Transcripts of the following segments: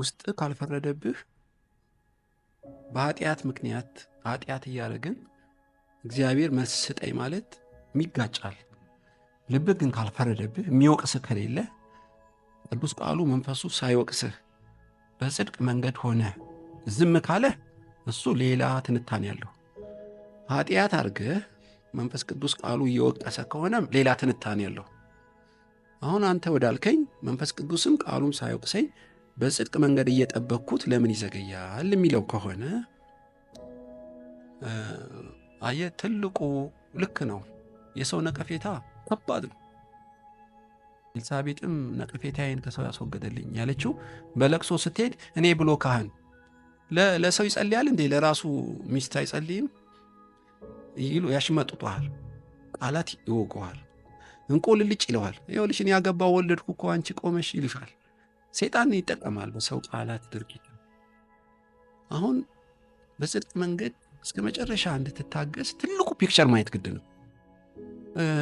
ውስጥ ካልፈረደብህ በኃጢአት ምክንያት ኃጢአት እያለ ግን እግዚአብሔር መልስ ስጠኝ ማለት ይጋጫል። ልብህ ግን ካልፈረደብህ የሚወቅስህ ከሌለ ቅዱስ ቃሉ መንፈሱ ሳይወቅስህ በጽድቅ መንገድ ሆነ ዝም ካለ እሱ ሌላ ትንታኔ ያለው። ኃጢአት አድርገህ መንፈስ ቅዱስ ቃሉ እየወቀሰ ከሆነም ሌላ ትንታኔ ያለው። አሁን አንተ ወዳልከኝ መንፈስ ቅዱስም ቃሉም ሳይወቅሰኝ በጽድቅ መንገድ እየጠበቅኩት ለምን ይዘገያል የሚለው ከሆነ አየ ትልቁ ልክ ነው። የሰው ነቀፌታ ከባድ ነው። ኤልሳቤጥም ነቀፌታዬን ከሰው ያስወገደልኝ ያለችው በለቅሶ ስትሄድ እኔ ብሎ ካህን ለሰው ይጸልያል እንዴ? ለራሱ ሚስት አይጸልይም? ይሉ ያሽመጥጧል። ቃላት ይወቀዋል። እንቁልልጭ ይለዋል። ይኸውልሽ እኔ ያገባ ወለድኩ እኮ አንቺ ቆመሽ ይልሻል። ሴጣን ይጠቀማል በሰው ቃላት ድርጊት። አሁን በጽድቅ መንገድ እስከ መጨረሻ እንድትታገስ ትልቁ ፒክቸር ማየት ግድ ነው።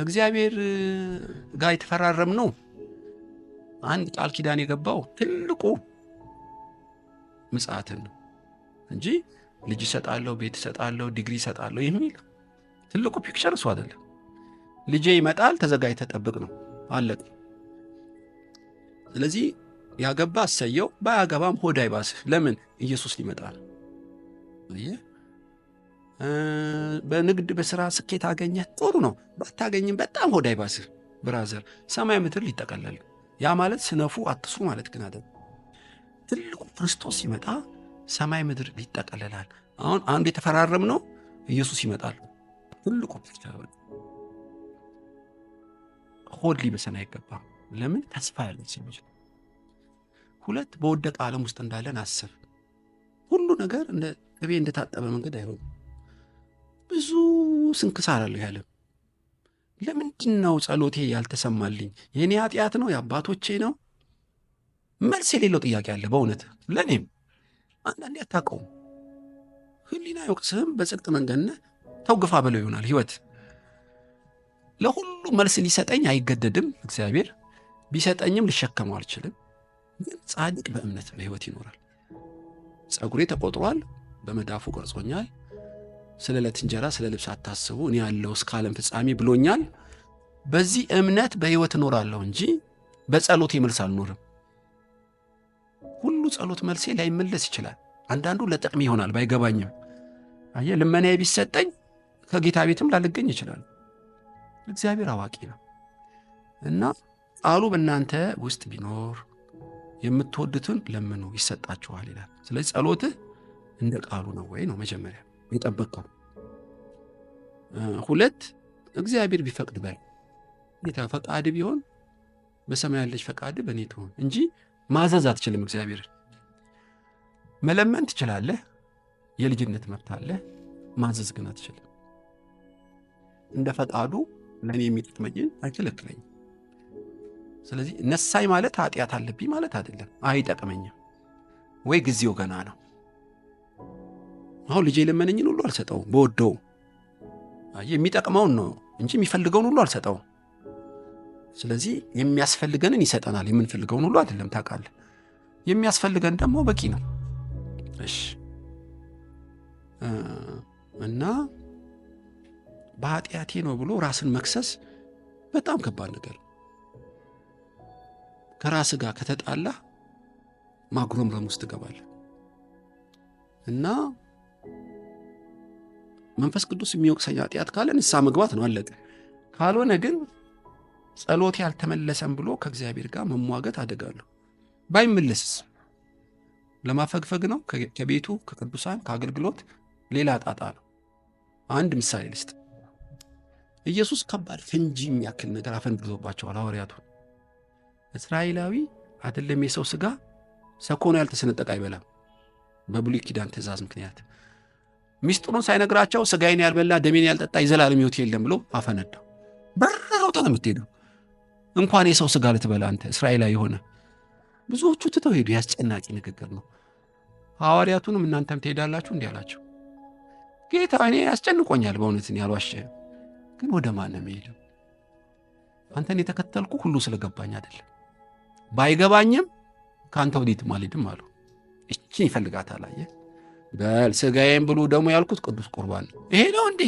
እግዚአብሔር ጋር የተፈራረም ነው አንድ ቃል ኪዳን የገባው ትልቁ ምጽትን ነው እንጂ ልጅ ይሰጣለሁ፣ ቤት ይሰጣለሁ፣ ዲግሪ ይሰጣለሁ የሚል ትልቁ ፒክቸር እሱ አደለም ልጄ ይመጣል ተዘጋጅ ተጠብቅ ነው አለቅ። ስለዚህ ያገባ አሰየው፣ ባያገባም ሆድ አይባስህ። ለምን ኢየሱስ ሊመጣል በንግድ በስራ ስኬት አገኘ ጥሩ ነው። ባታገኝም በጣም ሆድ አይባስህ ብራዘር። ሰማይ ምድር ሊጠቀለል ያ ማለት ስነፉ አትሱ ማለት ግን አደ ትልቁ ክርስቶስ ሲመጣ ሰማይ ምድር ሊጠቀልላል አሁን አንዱ የተፈራረም ነው ኢየሱስ ይመጣል። ትልቁ ሆድ ሊበሰን አይገባም። ለምን ተስፋ ያለ ሲሚችል ሁለት በወደቀ ዓለም ውስጥ እንዳለን አስብ። ሁሉ ነገር እንደ ቅቤ እንደታጠበ መንገድ አይሆንም። ብዙ ስንክሳር አለ ያለም። ለምንድን ነው ጸሎቴ ያልተሰማልኝ? የእኔ ኃጢአት ነው? የአባቶቼ ነው? መልስ የሌለው ጥያቄ አለ። በእውነት ለእኔም አንዳንዴ አታውቀውም። ህሊና አይወቅስህም። በጽድቅ መንገድነ ተውግፋ በለው ይሆናል ህይወት። ለሁሉ መልስ ሊሰጠኝ አይገደድም እግዚአብሔር። ቢሰጠኝም ልሸከመው አልችልም። ግን ጻድቅ በእምነት በህይወት ይኖራል። ጸጉሬ ተቆጥሯል፣ በመዳፉ ቀርጾኛል፣ ስለ ዕለት እንጀራ ስለ ልብስ አታስቡ፣ እኔ ያለው እስከ ዓለም ፍጻሜ ብሎኛል። በዚህ እምነት በህይወት እኖራለሁ እንጂ በጸሎት መልስ አልኖርም። ሁሉ ጸሎት መልሴ ላይመለስ ይችላል። አንዳንዱ ለጥቅም ይሆናል ባይገባኝም፣ አየ ልመናዬ ቢሰጠኝ ከጌታ ቤትም ላልገኝ ይችላል። እግዚአብሔር አዋቂ ነው እና አሉ በእናንተ ውስጥ ቢኖር የምትወዱትን ለምኑ ይሰጣችኋል ይላል። ስለዚህ ጸሎትህ እንደ ቃሉ ነው ወይ ነው መጀመሪያ የጠበቀው። ሁለት እግዚአብሔር ቢፈቅድ በል ጌታ ፈቃድ ቢሆን በሰማይ ያለች ፈቃድ በእኔ ትሆን እንጂ ማዘዝ አትችልም። እግዚአብሔርን መለመን ትችላለህ፣ የልጅነት መብት አለህ። ማዘዝ ግን አትችልም። እንደ ፈቃዱ ለእኔ የሚጠቅመኝን አይከለክለኝም። ስለዚህ ነሳኝ ማለት ኃጢአት አለብኝ ማለት አይደለም፣ አይጠቅመኝም ወይ ጊዜው ገና ነው። አሁን ልጄ የለመነኝን ሁሉ አልሰጠው በወደው የሚጠቅመውን ነው እንጂ የሚፈልገውን ሁሉ አልሰጠውም። ስለዚህ የሚያስፈልገንን ይሰጠናል፣ የምንፈልገውን ሁሉ አይደለም። ታቃለ የሚያስፈልገን ደግሞ በቂ ነው። እሺ እና በኃጢአቴ ነው ብሎ ራስን መክሰስ በጣም ከባድ ነገር ከራስ ጋር ከተጣላ ማጉረምረም ውስጥ ትገባለ እና መንፈስ ቅዱስ የሚወቅሰኝ ኃጢአት ካለ ንስሐ መግባት ነው፣ አለቀ። ካልሆነ ግን ጸሎት ያልተመለሰም ብሎ ከእግዚአብሔር ጋር መሟገት አደጋለሁ ባይመለስስ ለማፈግፈግ ነው፣ ከቤቱ ከቅዱሳን ከአገልግሎት ሌላ ጣጣ ነው። አንድ ምሳሌ ልስጥ። ኢየሱስ ከባድ ፈንጂ የሚያክል ነገር አፈንግጦባቸዋል ሐዋርያቱን እስራኤላዊ አይደለም የሰው ስጋ ሰኮኑ ያልተሰነጠቀ አይበላም። በብሉይ ኪዳን ትእዛዝ ምክንያት ሚስጥሩን ሳይነግራቸው ስጋዬን ያልበላ ደሜን ያልጠጣ የዘላለም ይወት የለም ብሎ አፈነዳው። በረራውታ የምትሄደው። እንኳን የሰው ስጋ ልትበላ አንተ እስራኤላዊ የሆነ ብዙዎቹ ትተው ሄዱ። ያስጨናቂ ንግግር ነው። ሐዋርያቱንም እናንተም ትሄዳላችሁ እንዲህ አላቸው። ጌታ እኔ ያስጨንቆኛል በእውነትን ያሏሸ ግን ወደ ማን ነው የምሄደው? አንተን የተከተልኩ ሁሉ ስለገባኝ አይደለም ባይገባኝም ከአንተ ወዲት አልሄድም አሉ። እችን ይፈልጋት አላየ በል ስጋዬን ብሉ ደግሞ ያልኩት ቅዱስ ቁርባን ነው። ይሄ ነው እንዴ?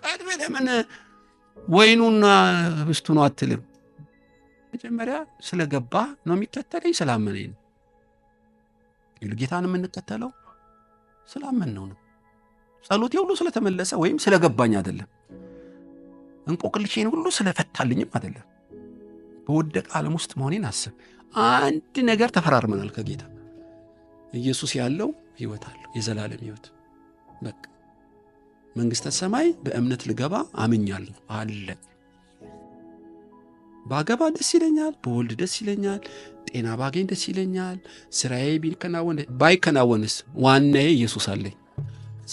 ቀድሜ ለምን ወይኑና ህብስቱ ነው አትልም? መጀመሪያ ስለገባ ነው የሚከተለኝ፣ ስላመነኝ ነው። ጌታን የምንከተለው ስላመን ነው ነው። ጸሎቴ ሁሉ ስለተመለሰ ወይም ስለገባኝ አይደለም። እንቆቅልሼን ሁሉ ስለፈታልኝም አይደለም። በወደቀ ዓለም ውስጥ መሆኔን አስብ። አንድ ነገር ተፈራርመናል ከጌታ ኢየሱስ ያለው ህይወት አለው የዘላለም ህይወት በቃ መንግሥተ ሰማይ በእምነት ልገባ አምኛለሁ አለ። ባገባ ደስ ይለኛል፣ በወልድ ደስ ይለኛል፣ ጤና ባገኝ ደስ ይለኛል፣ ስራዬ ቢከናወን ባይከናወንስ፣ ዋናዬ ኢየሱስ አለኝ።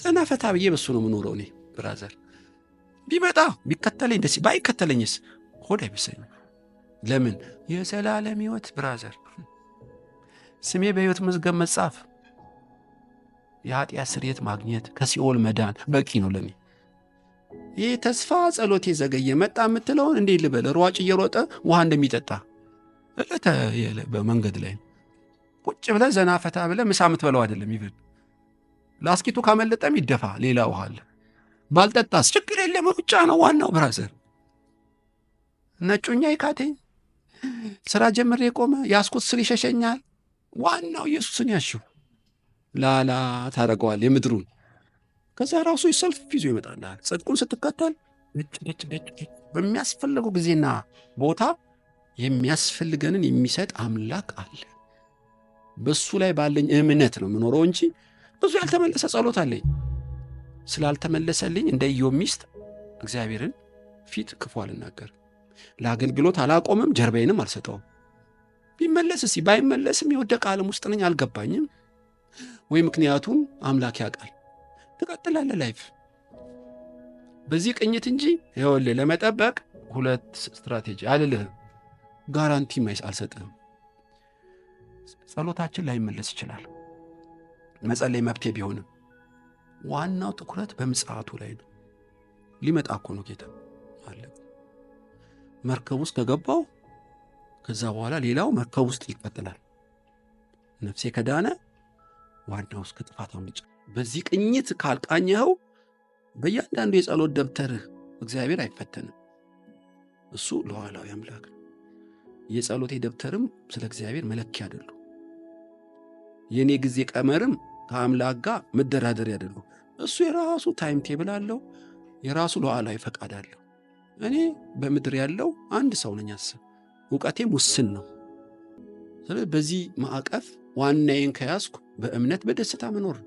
ጸና ፈታ ብዬ በሱ ነው ምኖረው እኔ ብራዘር ቢመጣ ቢከተለኝ ደስ ባይከተለኝስ ሆድ አይብሰኝም። ለምን? የዘላለም ህይወት ብራዘር፣ ስሜ በህይወት መዝገብ መጻፍ፣ የኃጢአት ስርየት ማግኘት፣ ከሲኦል መዳን በቂ ነው ለኔ። ይህ ተስፋ ጸሎት የዘገየ መጣ የምትለውን እንዴ ልበል? ሯጭ እየሮጠ ውሃ እንደሚጠጣ በመንገድ ላይ ቁጭ ብለ ዘና ፈታ ብለ ምሳ ምትበለው አይደለም። ይብል ላስኪቱ ካመለጠም ይደፋ ሌላ ውሃ አለ። ባልጠጣስ ችግር የለም። ሩጫ ነው ዋናው ብራዘር። ነጩኛ ይካቴኝ ስራ ጀምር የቆመ ያስኩት ስል ይሸሸኛል። ዋናው ኢየሱስን ያሽው ላላ ታደርገዋል የምድሩን ከዛ ራሱ ሰልፍ ይዞ ይመጣልሃል። ጽድቁን ስትከተል በሚያስፈልገው ጊዜና ቦታ የሚያስፈልገንን የሚሰጥ አምላክ አለ። በሱ ላይ ባለኝ እምነት ነው የምኖረው እንጂ ብዙ ያልተመለሰ ጸሎት አለኝ። ስላልተመለሰልኝ እንደ ኢዮብ ሚስት እግዚአብሔርን ፊት ክፉ ለአገልግሎት አላቆምም፣ ጀርባዬንም አልሰጠውም። ቢመለስ እስኪ ባይመለስም የወደቀ ዓለም ውስጥ ነኝ፣ አልገባኝም ወይ ምክንያቱም አምላክ ያውቃል። ትቀጥላለህ ላይፍ በዚህ ቅኝት እንጂ ይኸውልህ ለመጠበቅ ሁለት ስትራቴጂ አልልህም፣ ጋራንቲ ማይስ አልሰጥህም። ጸሎታችን ላይመለስ ይችላል፣ መጸለይ መብቴ ቢሆንም ዋናው ትኩረት በምጽቱ ላይ ነው። ሊመጣ እኮ ጌታ አለ። መርከብ ውስጥ ከገባው ከዛ በኋላ ሌላው መርከብ ውስጥ ይቀጥላል። ነፍሴ ከዳነ ዋናው እስከ ጥፋት በዚህ ቅኝት ካልቃኘኸው በእያንዳንዱ የጸሎት ደብተርህ እግዚአብሔር አይፈተንም። እሱ ሉዓላዊ አምላክ ነው። የጸሎቴ ደብተርም ስለ እግዚአብሔር መለኪ አይደሉ። የእኔ ጊዜ ቀመርም ከአምላክ ጋር መደራደሪያ ያደሉ እሱ የራሱ ታይም ቴብል አለው፣ የራሱ ሉዓላዊ ፈቃድ አለው። እኔ በምድር ያለው አንድ ሰው ነኝ። አስብ፣ እውቀቴም ውስን ነው። ስለዚህ በዚህ ማዕቀፍ ዋናዬን ከያዝኩ በእምነት በደስታ መኖር